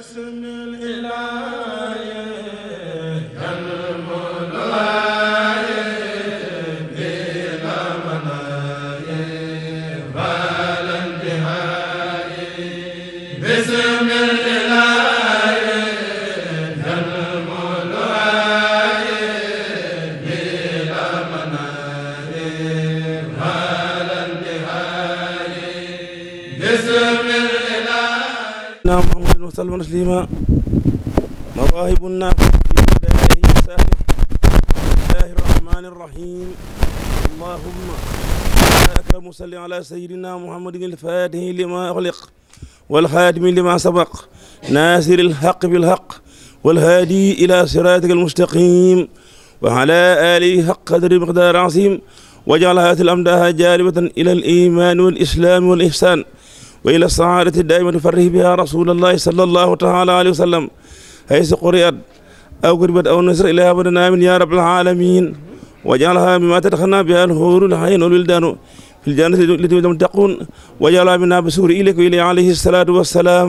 حسن الإله وسلم تسليما مواهب النافع في بدائه الساحر بسم الله الرحمن الرحيم اللهم أكرم صل على سيدنا محمد الفاتح لما أغلق والخاتم لما سبق ناصر الحق بالحق والهادي إلى صراطك المستقيم وعلى آله حق قدر مقدار عظيم واجعل هذه الأمداها جالبة إلى الإيمان والإسلام والإحسان wa ila saadati daaimati farrih biha rasulallahi sallallahu taala alayhi wa sallam haysa quriat aw kuribat aw nasr ilaha badan amin ya rabbal alamin wajalha mima tadxana biha alxurul ayn wal wildanu fi ljannati lati lam taqun wajalha mina basuri ilayka wa ilay alayhi salatu wassalam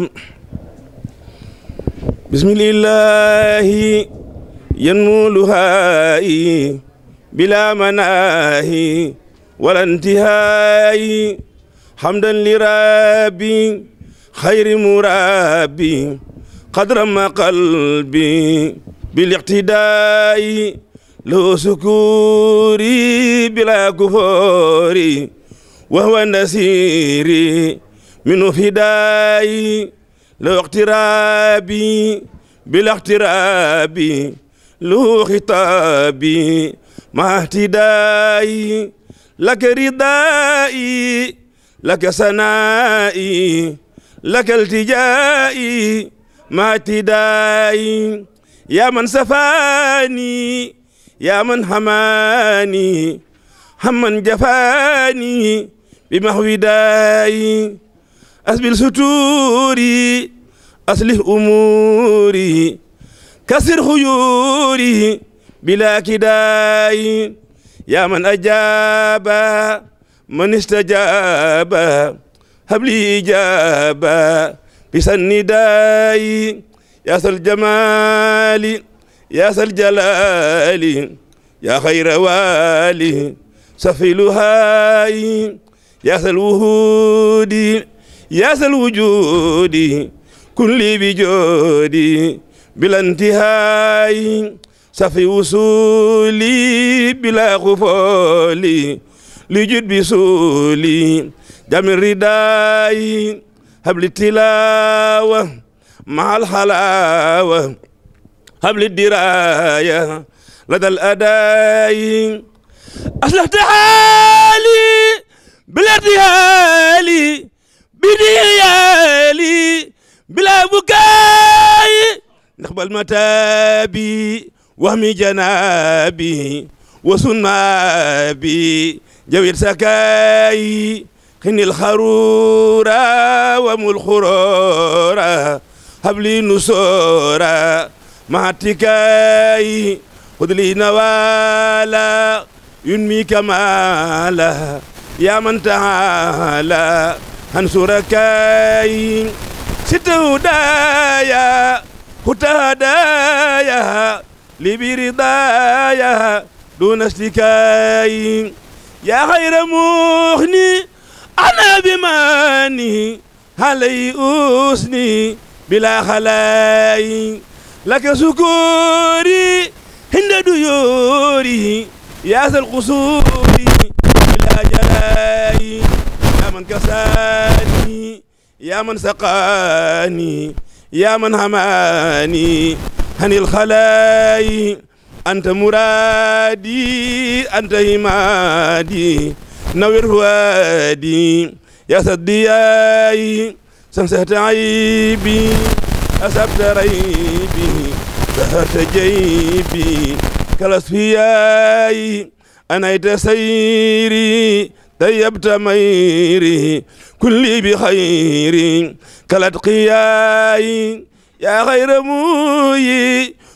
bismillahi yanmuluhaayi bila manaahi wala intihaayi حمدا لربي خير مربي قدر ما قلبي بالاقتداء له سكوري بلا كفوري وهو نسيري من فدائي له اقترابي بلا اقترابي له خطابي مع اهتدائي لك ردائي لك سنائي لك التجائي ما اعتدائي يا من سفاني يا من حماني هم من جفاني بمحو دائي أسبل ستوري أصلح أموري كسر خيوري بلا كدائي يا من أجاب man istajaaba habli ijaaba bisan nidaayi yaasal jamaali yaasal jalaali yaa xayra waali safilu haayi yaasal wuhuudi yaasal wujuudi kulli bi joodi bilantihaayi safi wusuuli bila xufooli li jut bi suuli jami ridaayi habli tilaawa mahal halaawa habli diraaya ladal adaayi aslahta haali bilardihaali bidiyaali bilaa bukaayi naqbal mataabi wahmi janaabi wasunmaabi jawit sakaayi xinil xaruura wa mul xuroora habli nusoora mahatikaayi xudli nawaala yun mi kamaala yaa man taala hansurakaayi sitahu daaya huta daaya libiri daaya duuna stikaayi yaa xayra muxni ana bi maani halay usni bila xalaayi laka sukoori hinda duyoori yaasal qusuuri bila jaraayi yaa man kasaani yaa man saqaani yaa man hamaani hanil xalaayi anta muraadi anta himaadi nawir huwaadi yaa saddiyaayi sansahta aybi asabta raybi zaharta jaybi kalasfiyaayi anayta sayri tayyabta mayri kulli bi xayri kalatqiyaayi yaa xayra muuyi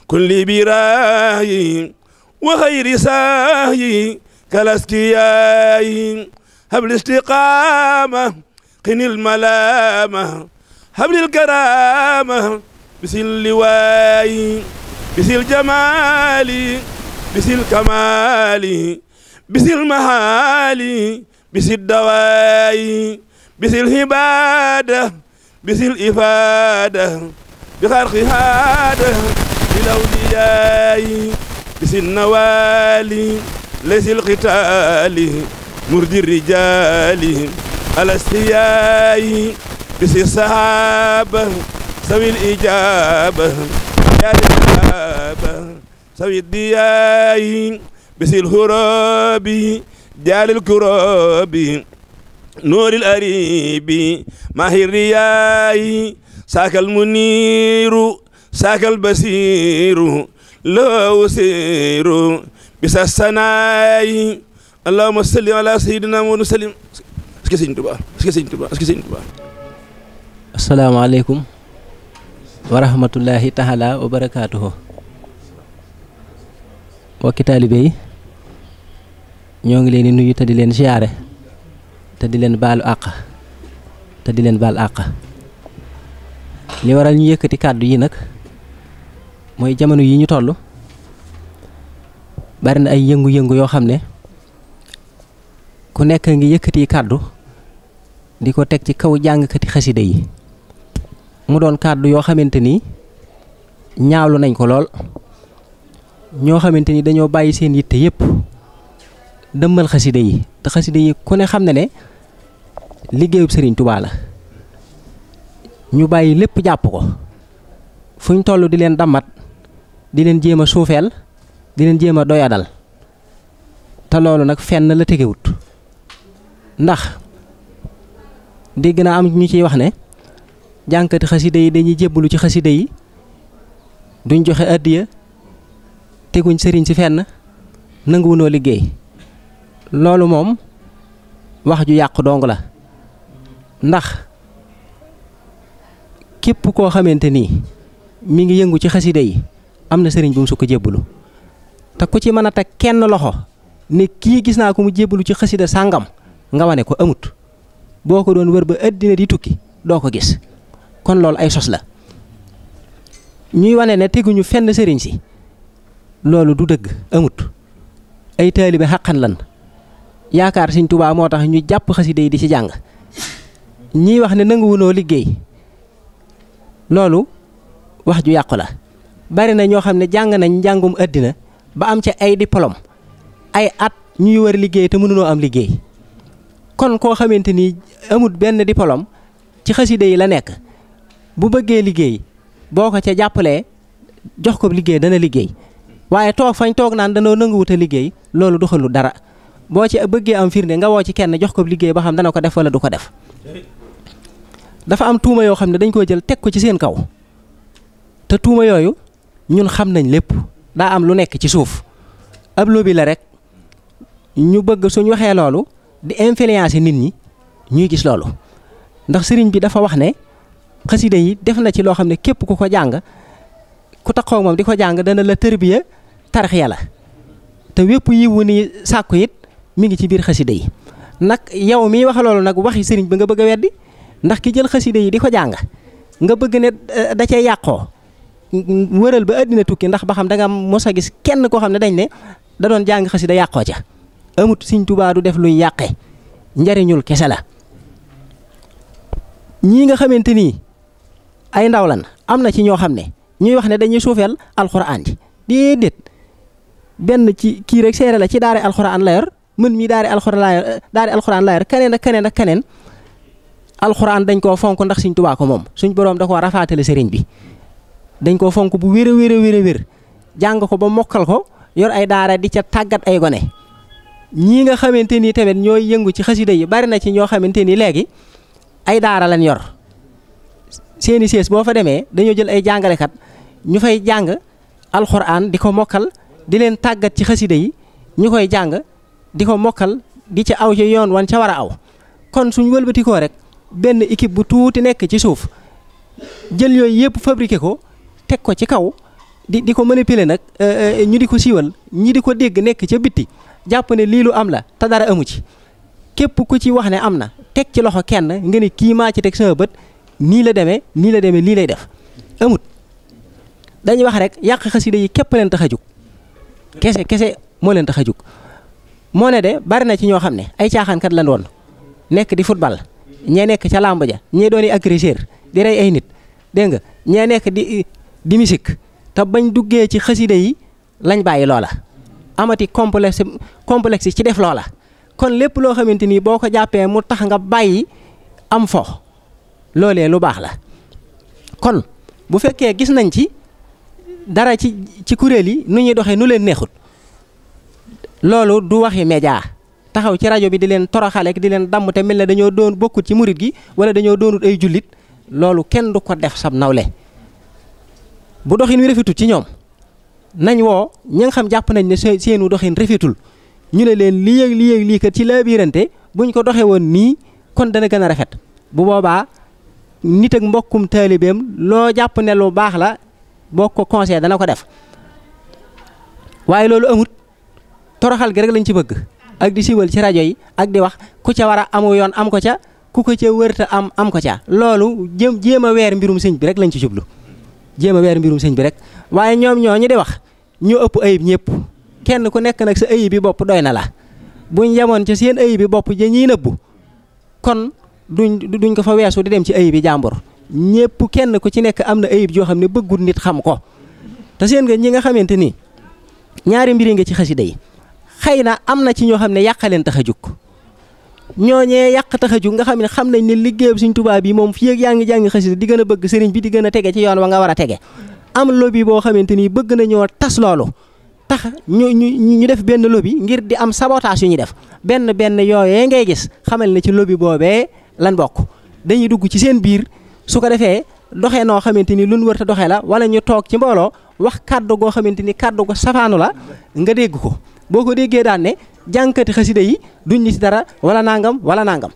كل براي وغير ساي كالاستياي هب الاستقامة قن الملامة هب الكرامة بس اللواي بس الجمال بس الكمال بس المهال بس الدواي بس الهبادة بس الإفادة بخرق هذا الأولياء بس النوالي ليس القتال مرد الرجال على استياء بس الصحابة سوي الإجابة يا الإجابة سوي الدياء بس الهراب جال الكراب نور الأريب ما هي الرياء ساك المنير saakal basiiru law siiru bisa sanaayi allahuma salli ala sayyidina Muhammad salim aski sëñ Tuubaa yi ñoo ngi leen di nuyu te di leen siyaare te di leen baalu àq te di leen baal àq li waral ñu yëkkati kàddu yi nag mooy jamono yi ñu toll bari na ay yëngu-yëngu yoo xam ne ku nekk ngi yëkkati kàddu di ko teg ci kaw jàngkati xasida yi mu doon kàddu yoo xamante ni ñaawlu nañ ko lool ñoo xamante ni dañoo bàyyi seen yitte yépp dëmbal xasida yi te xasida yi ku ne xam ne ne liggéeyub Serigne Touba ñu bàyyi lépp jàpp ko fu ñu toll di leen dambat di leen jéem a suufeel di leen jéem a doyadal te loolu nag fenn la tegewut ndax dégg naa am ñu ciy wax ne jànkati xasida yi dañuy jébbalu ci xasida yi duñ joxe addiya teguñ sëriñ si fenn nanguwunoo liggéey loolu moom wax ju yàq dong la ndax képp koo xamante ni mu ngi yëngu ci xasida yi am na sëriñ bu mu sukk jébbalu te ku ci mën a teg kenn loxo ni kii gis naa ko mu jébbalu ci xasida sàngam nga wane ko amut boo ko doon wër ba àddina di tukki doo ko gis kon loolu ay sos la ñuy wane ne teguñu fenn sëriñ si loolu du dëgg amut ay taalibe xaqan lan yaakaar siñ Tuubaa moo tax ñu jàpp xasida yi di ci jàng ñiy wax ne nanguwunoo liggéey loolu wax ju yàqu la bari na ñoo xam ne jàng nañ njàngum àddina ba am ca ay diplôme ay at ñuy war liggéey te mënuloo am liggéey kon koo xamante ni amut benn diplôme ci xasida yi la nekk bu bëggee liggéey boo ko ca jàppalee jox ko liggéey dana liggéey waaye toog fañ toog naan danoo nanguwut liggéey loolu doxalu dara boo ci bëggee am firnde nga woo ci kenn jox ko liggéey ba xam dana ko def wala du ko def dafa am tuuma yoo xam ne dañ koo jël teg ko ci seen kaw te tuuma yooyu ñun xam nañ lépp daa am lu nekk ci suuf ab lobby la rek ñu bëgg suñ waxee loolu di influencer nit ñi ñuy gis loolu ndax sëriñ bi dafa wax ne xasida yi def na ci loo xam ne képp ku ko jàng ku taxaw moom di ko jàng dana la tërbiya tarxiya la te wépp yi wu ni sàkku it mi ngi ci biir xasida yi nag yow miy wax loolu nag waxi sëriñ bi nga bëgg a weddi ndax ki jël xasida yi di ko jàng nga bëgg ne eh, da cee yàqoo wëral ba àddina tukki ndax ba xam da nga mos a gis kenn koo xam ne dañ ne da doon jàng xasida yàqoo ca amut siñ tubaa du def luy yàqe njariñul kese la ñii nga xamante ni ay ndaw la lan am na ci ñoo xam ne ñuy wax ne dañuy suufeel alxuraan ji déedéet benn ci kii rek seere la ci daara alxuraan la mën mii daara alxuraan la yor daara alxuraan la yor keneen ak keneen ak keneen alxuraan dañ koo fonk ndax Sëriñ Tuubaa ko moom suñ boroom da koo rafaatale sëriñ bi dañ ko fonk bu wér a wér a jàng ko ba mokkal ko yor ay daara di ca tàggat ay gone ñii nga xamante ni tamit ñooy yëngu ci xasida yi bari na ci ñoo xamante ni léegi ay daara lañ yor seeni sées boo fa demee dañoo jël ay jàngalekat ñu fay jàng alxuraan di ko mokkal di leen tàggat ci xasida yi ñu koy jàng di ko mokkal di ca aw ci yoon wan ca war a aw kon suñ wëlbatikoo rek benn équipe bu tuuti nekk ci suuf jël yooyu yëpp fabriqué ko teg ko ci kaw di di ko manipuler nag euh, euh, ñu di ko siiwal ñi di ko dégg nekk ca bitti jàpp ne lii lu am la te dara amu ci képp ku ci wax ne am na teg ci loxo kenn nga ni kii maa ci teg sama bët nii la deme nii la demee lii lay def amut dañuy wax rek yàq xasida yi képp leen tax a jóg kese kese moo leen tax a jóg moo ne de bari na ci ñoo xam ne ay caaxaankat la woon nekk di football ñee nekk ca làmb ja ñee doon agresseur di rey ay nit dégg ñee nekk di di musique te bañ duggee ci xasida yi lañ bàyyi loola amati complexe complexe ci def loola kon lépp loo xamante ni boo ko jàppee mu tax nga bàyyi am fo loolee lu baax la kon bu fekkee gis nañ ci dara ci ci kuréel yi nu ñuy doxee nu leen neexut loolu du waxi média taxaw ci rajo bi di leen toroxaleek di leen damm te mil ne dañoo doon bokkut ci murit gi wala dañoo doonut ay jullit loolu kenn du ko def sab nawle bu doxin wi rafetul ci ñoom nañ woo ñi xam jàpp nañ ne seenu doxin rafetul ñu ne leen lii yëg lii yëg lii kat ci laabirante buñ ko doxee woon nii kon dana gën a rafet bu boobaa nit ak mbokkum taalibeem loo jàpp ne lu baax la boo ko conseillé dana ko def waaye loolu amut toroxal gi rek lañ ci bëgg ak di siiwal ci rajo yi ak di wax ku ca war a amu yoon am ko ca ku ko ca wërta am am ko ca loolu jëm jéem a weer mbirum sëñ bi rek lañ ci jublu jéem a weer mbirum sëñ bi rek waaye ñoom ñoo ñu di wax ñu ëpp ayib ñëpp kenn ku nekk nag sa ayib bi bopp doy na la buñ yemoon ci seen ayib bi bopp ja ñiy nëbbu kon duñ duñ ko fa weesu di dem ci ayib bi jàmbur ñëpp kenn ku ci nekk am na ayib joo xam ne bëggul nit xam ko te seen nga ñi nga xamante ni ñaari mbiri nga ci xasida yi xëy na am na ci ñoo xam ne yàqaleen tax a jóg ñoo ñooñee yàq tax a jug nga xam ne xam nañ ne liggéeyam suñ tubaab bi moom fii ak yaa ngi jàng xasida di gën a bëgg sëriñ bi di gën a tege ci yoon wa nga war a tege am lobby boo xamante ni bëgg nañoo tas loolu tax ñu ñu ñu def benn lobby ngir di am sabotage yu ñu def benn benn yooyee ngay gis xamal ne ci lobby boobee lan bokk dañuy dugg ci seen biir su ko defee doxe noo xamante ni luñ wër te doxee la wala ñu toog ci mbooloo wax kàddu goo xamante ni kàddu go safaanu la nga dégg ko. boo ko déggee daan ne jànkati xasida yi duñ ci dara wala nangam wala nangam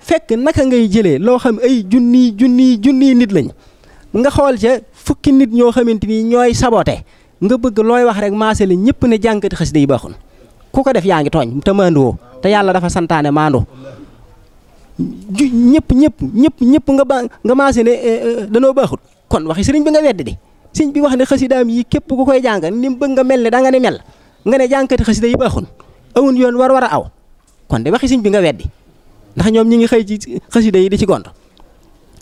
fekk naka ngay jëlee loo xam ay junniy junniy junniy nit lañ nga xool ca fukki nit ñoo xamante ni ñooy sabote nga bëgg looy wax rek maase la ñëpp ne jànkati xasida yi baaxul ku ko def yaa ngi tooñ te maanduwoo te yàlla dafa santaane maandu ñëpp ñëpp ñëpp ñëpp nga ba nga maase ne eh, eh, danoo baaxut kon waxi sëriñ bi nga wedd di sëriñ bi wax ne xasidaam yi képp ku koy jàng ni mu bëgg nga mel ne da nga ne mel. nga ne jànkati xasida yi baaxul awun yoon war war a aw kon de waxi sëñ bi nga weddi ndax ñoom ñi ngi xëy ci xasida yi di ci gont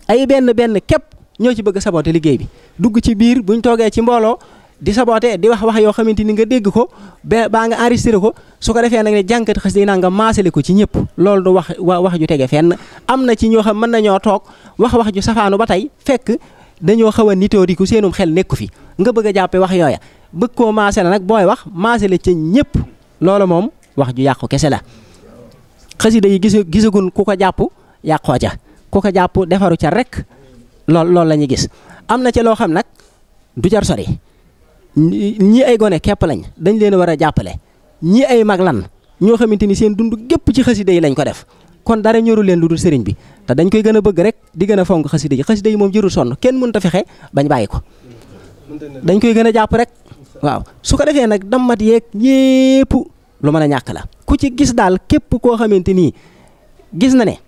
ay benn benn képp ñoo ci bëgg saboté liggéey bi dugg ci biir bu ñu toogee ci mbooloo di saboté di wax wax yoo xamante ni nga dégg ko ba baa nga enregistré ko su ko defee nag ne jànkati xasida yi naa nga maasale ko ci ñëpp loolu du wax wax ju tege fenn am na ci ñoo xam mën nañoo toog wax wax ju safaanu ba tey fekk dañoo xaw a nitooriku seenum xel nekku fi nga bëgg a jàppe wax yooya bëgg koo maase la nag booy wax maase la ca ñëpp loolu moom wax ju yàqu kese la xasida yi gis gisagun ku ko jàpp yàqoo ca ku ko jàpp defaru ca rek lool loolu la ñuy gis am na ca loo xam nag du jar sori ñii ay gone képp lañ dañ leen war a jàppale ñii ay mag lan ñoo xamante ni seen dund gépp ci xasida yi lañ ko def kon dara ñoru leen lu dul sëriñ bi te dañ koy gën a bëgg rek di gën a fonk xasida yi xasida yi moom jërul sonn kenn mënut a fexe bañ bàyyi ko dañ koy gën a jàpp rek waaw su ko defee nag dammat yeeg yépp lu mën a ñàkk la ku ci gis daal képp koo xamante nii gis na ne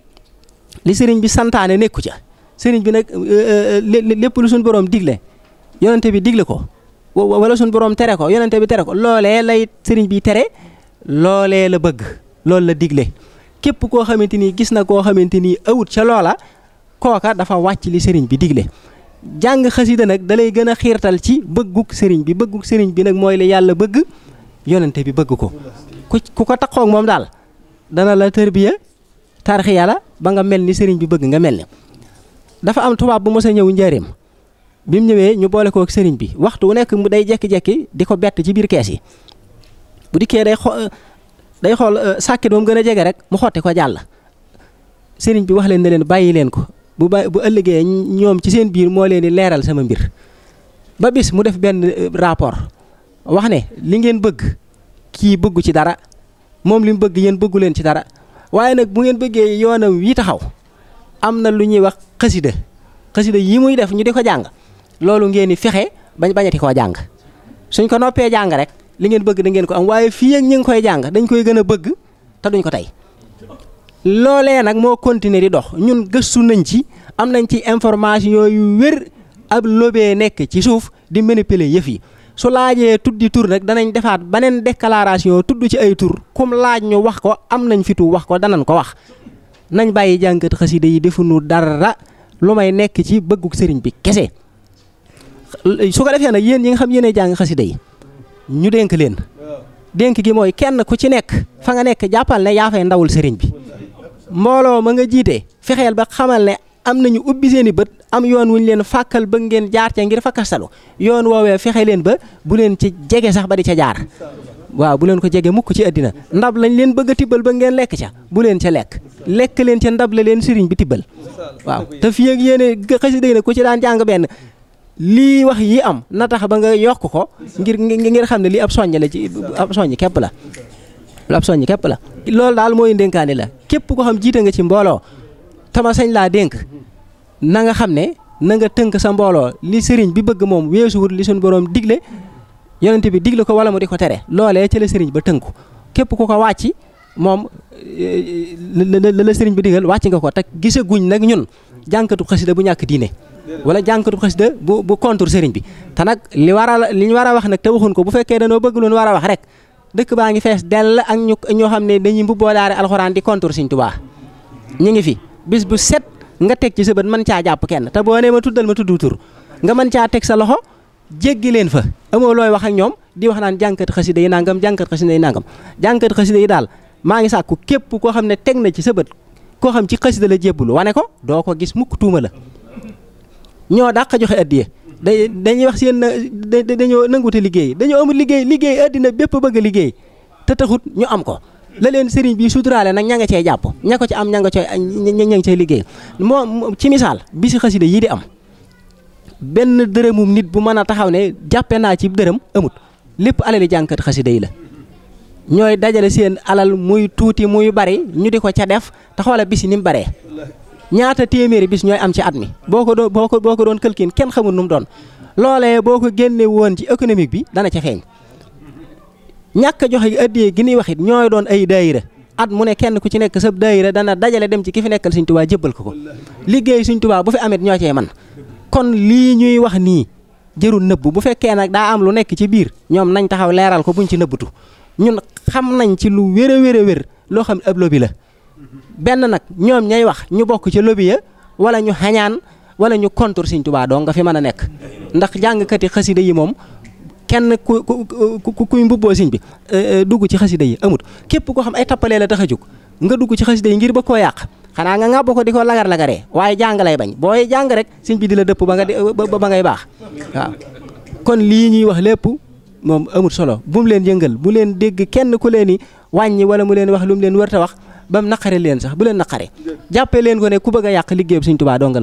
li sëriñ bi santaane nekku ca sëriñ bi nag euh, euh, euh, lépp lu suñ borom digle yonente bi digle ko wala suñ borom tere ko yonente bi tere ko loolee lay sëriñ bi tere loolee la bëgg loolu la digle képp koo xamante ni gis na koo xamante ni awut ca loola kooka dafa wàcc li sëriñ bi digle jàng xasida nag dalay gën a xiirtal ci bëggug sëriñ bi bëggug sëriñ bi nag mooy la yàlla bëgg yonente bi bëgg ko ku ku ko taxoog moom daal dana la tërbiya tarixi yàlla ba nga mel ni sëriñ bi bëgg nga mel ni dafa am tubaab bu mos ñëw njëriñ bi mu ñëwee ñu boole kook ak sëriñ bi waxtu wu nekk mu day jekki-jekki di ko bett ci biir kees yi bu dikkee day day xool euh, sàkket moom gën a jege rek mu xotti ko jàll sëriñ bi wax leen ne leen bàyyi leen ko bu ba bu ëllëgee ñoom ci seen biir moo leen di leeral sama mbir ba bis mu def benn euh, rapport wax ne li ngeen bëgg kii bëggu ci dara moom li mu bëgg yéen bëggu leen ci dara waaye nag bu ngeen bëggee yoonam wi taxaw am na lu ñuy wax xasida xasida yi muy def ñu di ko jàng loolu ngeen di fexe bañ bañati koo jàng suñ ko noppee jàng rek li ngeen bëgg da ngeen ko am waaye fii ak ñi ngi koy jàng dañ koy gën a bëgg te duñ ko tey loolee nag moo continuer di dox ñun gëstu nañ ci am nañ ci information yu wér ab lobee nekk ci suuf di manipuler yëf yi su laajee tuddi tur nag danañ defaat beneen déclaration tudd ci ay tur kum laaj ñu wax ko am nañ fitu wax ko danañ ko wax nañ bàyyi jàngat xasida yi defu defuñu dara lu may nekk ci bëgguk sëriñ bi kese su ko defee nag yéen yi nga xam yéenay jàng xasida yi ñu dénk leen dénk gi mooy kenn ku ci nekk fa nga nekk jàppal ne yaa ndawul sëriñ bi mbooloo ma nga jiite fexeel ba xamal ne am nañu ubbi seen bët am yoon wuñ leen fàkkal ba ngeen jaar ca ngir fakkastalu yoon woowee fexe leen ba bu leen ci jege sax ba di ca jaar waaw bu leen ko jege mukk ci àddina ndab lañ leen bëgg a ba ngeen lekk ca bu leen ca lekk lekk leen ca ndab la leen sëriñ bi tibbal waaw te fii ak yéen na ku ci daan jàng benn lii wax yi am na tax ba nga yokk ko ngir ngir xam ne lii ab soññ la ci ab soññ képp la lu ab képp la loolu daal mooy ndénkaani la képp ko xam jiite nga ci mbooloo tama sañ laa dénk na nga xam ne na nga tënk sa mbooloo li sëriñ bi bëgg moom weesuwut li suñu borom digle yonent bi digle ko wala mu di ko tere loolee ci la sëriñ ba tënku képp ku ko wàcc moom eh, eh, la la sëriñ bi digal wàcc nga ko teg gise guñ nag ñun jànkatu xasida bu ñàkk diine wala jànkatu xasida bu bu contre sëriñ bi te nag li war a li ñu war a wax nag te waxuñ ko bu fekkee danoo bëgg lu ñu war a wax rek dëkk baa ngi fees dell ak ñu ñoo xam ne dañuy mbubboo daare alxuraan di contre Sëriñ Tuubaa ñu ngi fi bis bu set nga teg ci sa bët mën caa jàpp kenn te boo nee ma tuddal ma tuddu tur nga mën caa teg sa loxo jéggi leen fa amoo looy wax ak ñoom di wax naan jànkat xasida yi nangam jànkat xasida yi nangam jànkat xasida yi daal maa ngi sàkku képp koo xam ne teg na ci sa bët koo xam ci xasida la jébbalu wane ko doo ko gis mukk la ñoo daq joxe addiya day dañuy wax seen dañoo nanguute liggéey dañoo amul liggéey liggéey addina bépp bëgg a liggéey te taxut ñu am ko la leen sëriñ bi suturaale nag ña nga cee jàpp ña ci am ña nga cee ña nga cee liggéey moom ci misaal bi si xasida yii di am benn dërëmum nit bu mën a taxaw ne jàppe naa ci dërëm amut lépp alali jànkat xasida yi la ñooy dajale seen alal muy tuuti muy bari ñu di ko ca def te xoola bisi ni mu baree ñaata téeméeri bis ñooy am ci at mi boo ko doon boo ko boo ko doon këlkin kenn xamul nu doon loolee boo ko génne woon ci économique bi dana ca feeñ ñàkk joxe gi addiyee gi ñuy wax it ñooy doon ay daayira at mu ne kenn ku ci nekk sab daayira dana dajale dem ci ki fi nekkal Sëñ Tuubaa jébbal ko ko liggéey Sëñ tubaa bu fi amit ñoo cee man kon lii ñuy wax nii jërul nëbb bu fekkee nag daa am lu nekk ci biir ñoom nañ taxaw leeral ko buñ ci nëbbatu ñun xam nañ ci lu wér a wér wér loo xam ab lobi la benn nag ñoom ñay wax ñu bokk ci lobby ya wala ñu xañaan wala ñu kontur Sëriñ Tuubaa doo nga fi man a nekk ndax jàngkati xasida yi moom kenn ku ku kuy mbubboo Sëriñ bi eh, eh, dugg ci xasida yi amut képp koo xam ay tappalee la tax a jóg nga dugg ci xasida yi ngir ba koo yàq xanaa nga ngàbba ko di ko lagar-lagaree waaye jàng lay bañ booy jàng rek Sëriñ bi di la dëpp ba nga ba ngay baax waaw kon lii ñuy wax lépp moom amut solo bu leen yëngal bu leen dégg kenn ku leen i wàññi wala mu leen wax lu leen wërta wax ba mu naqare leen sax bu leen naqare jàppee leen ko ne ku bëgg a yàq liggéey bi Sëñ Tuubaa dong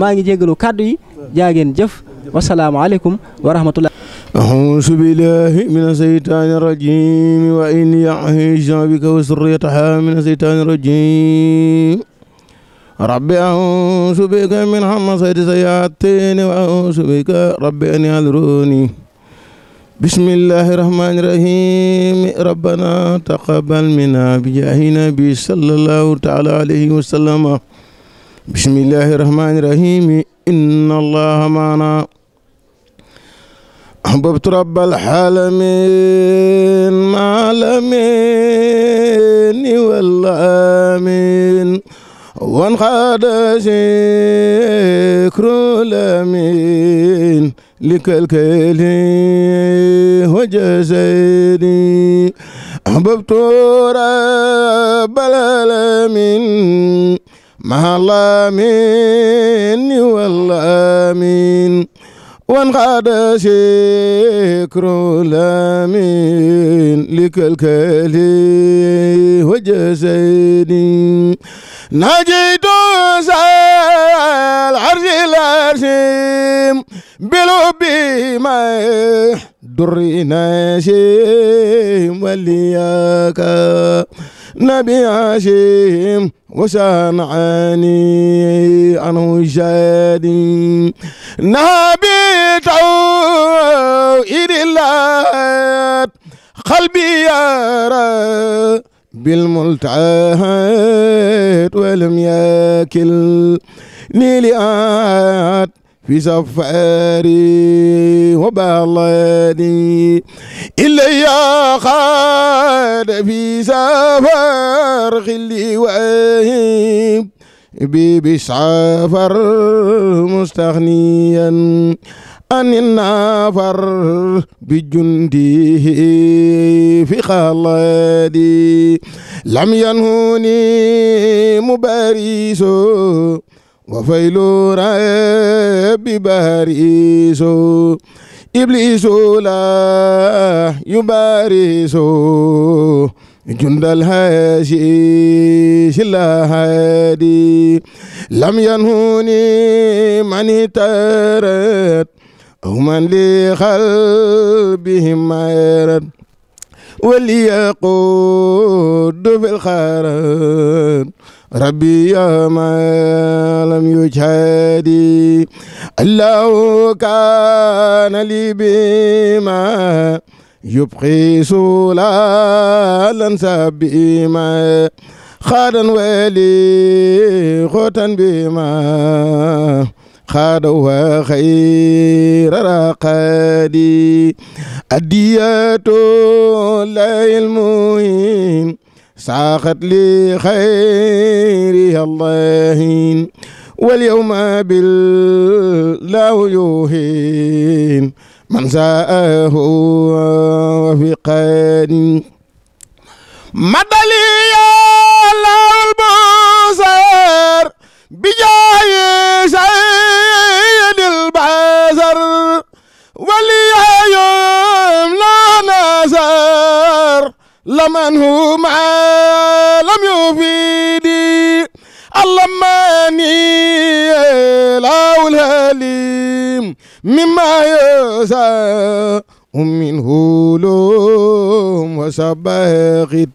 maa ngi jégalu kàddu yi jaageen jëf wasalaamualeykum wa rahmatullah أعوذ بالله من الشيطان الرجيم وإن يعيش بك وسريتها من الشيطان الرجيم رب أعوذ بك من همسات الشياطين وأعوذ بك رب أن يحضروني bismillahi rahmaani rahiim rabbana taqabbal minna bijaahi nabi sallallahu taala alayhi wa sallam bismillahi rahmaani rahiim inna allaha maana ahbabtu rabbal aalamiin maalamiin wal aalamiin wan xaada zikru lamiin لكالكيل وجسدي أحببت رب العالمين مع الآمين والآمين وانقاد شكر الآمين لكالكيل وجسدي نجد العرش العظيم bilo bi may duri na shim waliyaka nabi ashim wasan ani anu jadi nabi taw idillat qalbi yara بالملتعات ولم ياكل نيلي آت في سفاري وبلدي إلي قاد في سفر خلي وأهيب ببسعفر مستغنيا عن النافر بجنده في خلدي لم ينهني مباريسو وفيل رب باريس إبليس لا يباريس جند الهاشيش الهادي لم ينهوني من تارت أو من لقلبهم عيرت وليقود في الخيرات ربي يا ما لم يجهدي الله كان لي بما يبقي سلالا سبيما خادا ولي خوتا بما خاد وخير رقادي الديات لا المهم ساقت لي خيرها الله واليوم بالله يوهين من ساءه وفي قاد مدلي يا الله البصر بجاه سيد البصر ولي يوم لا نصر لمن هو الغني لا الهليم مما يساء منه لوم وسباغت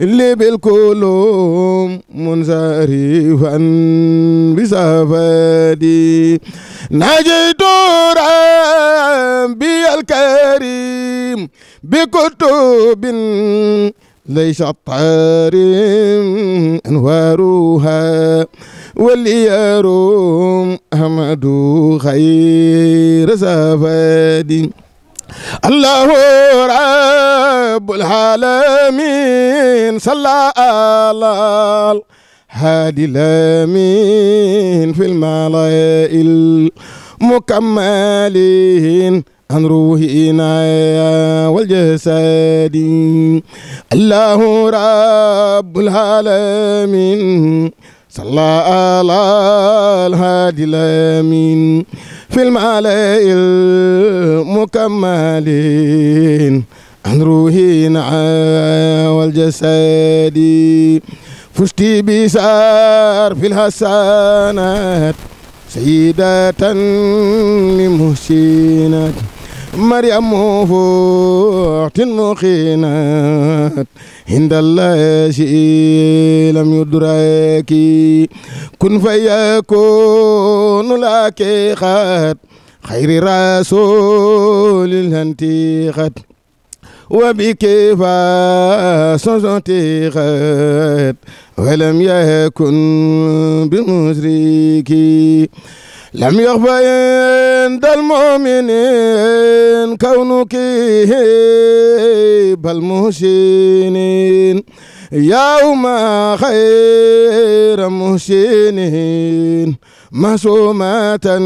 اللي بالكلوم منزرفا بسفادي نجيت ربي الكريم بكتب ليس الطارم انوارها وليروم أحمد خير سفادي الله رب العالمين صلى على هادي الأمين في الملائل مكملين عن روحنا والجسد الله رب العالمين صلى على الهادي الامين في المعالي المكملين عن روحي نعى والجسد فشت بسار في الحسنات سيدة لمحسنات مريم فوحت مقينات عند الله شيء لم يدرك كن فيكون لك خات خير رسول الانتخات وبك فاسنتخات ولم يكن بمشركي لم يخب عند المؤمنين كونك بالمحسنين يوم خير محسنين معصومة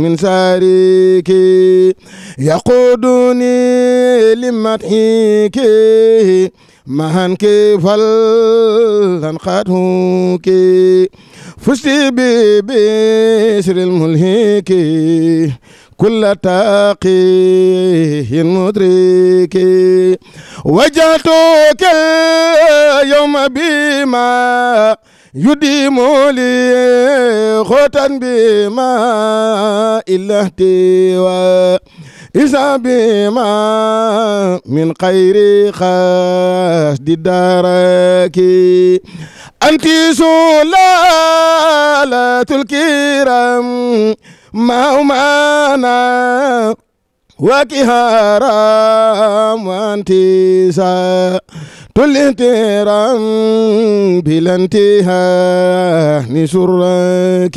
من سارك يقودني لمدحك mahan ki fal han xaatu ki fusti bi bisril mulhiki kulla taqi mudriki wajatu kel yawma bima yudimu li xotan bima illahti wa إسابيما من خير خاس دي داركي أنت سلالة الكرام ما أمانا وكهارا وأنت سلالة تلتيرا بلا انتهاء نشرك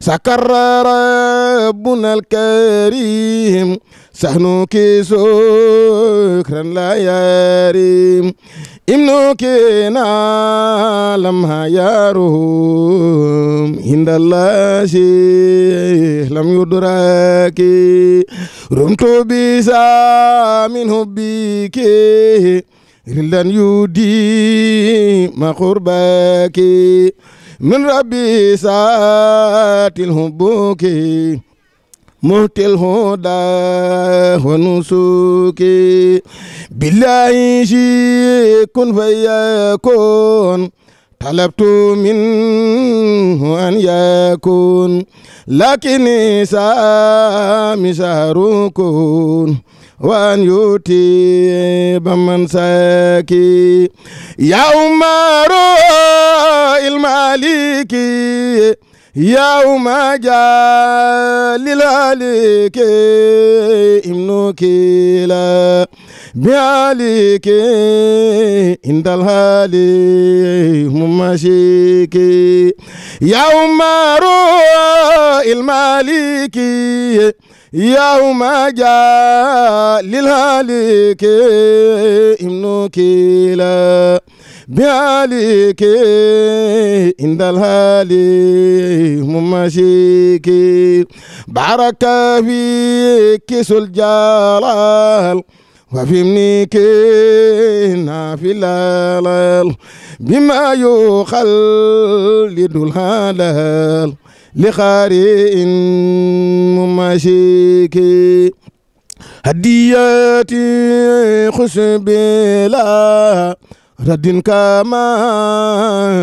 سكر ربنا الكريم سهنوك سكرا لا يريم إمنوك نعلمها يا رهم عند الله شيء لم يدرك رمت بسا من حبك lan yu di ma xurbaki min rabbi saatil hubbuki muhtil huda wa nusuki billahi shi kun fayakun talabtu minhu an yakun lakini saami saarukun وأن يتيب من ساكي يا عمر المالك يا عمر للالك ابنك لا بعليك عند الهالي مماشيك يا عمر المالك يوم جاء للهالك ابن كيلا بهالك عند الهالي مماشيك بارك فيك سل الجلال وفهمنيك في الهلال بما يخلد الهلال li xaari in mu masiki hadiyati xusbila raddin kama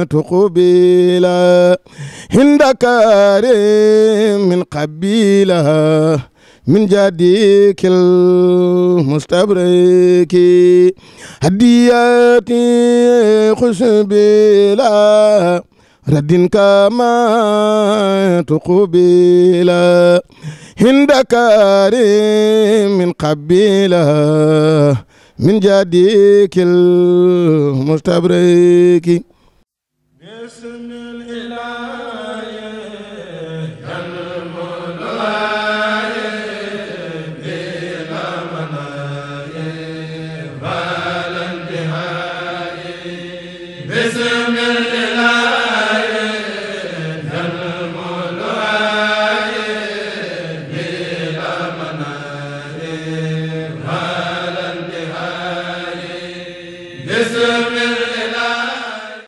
tuqubila hindakari min qabila من جديك المستبرك هدياتي خسبلا رد كما تقبل هند كريم قبيل من جديك المستبرك بسم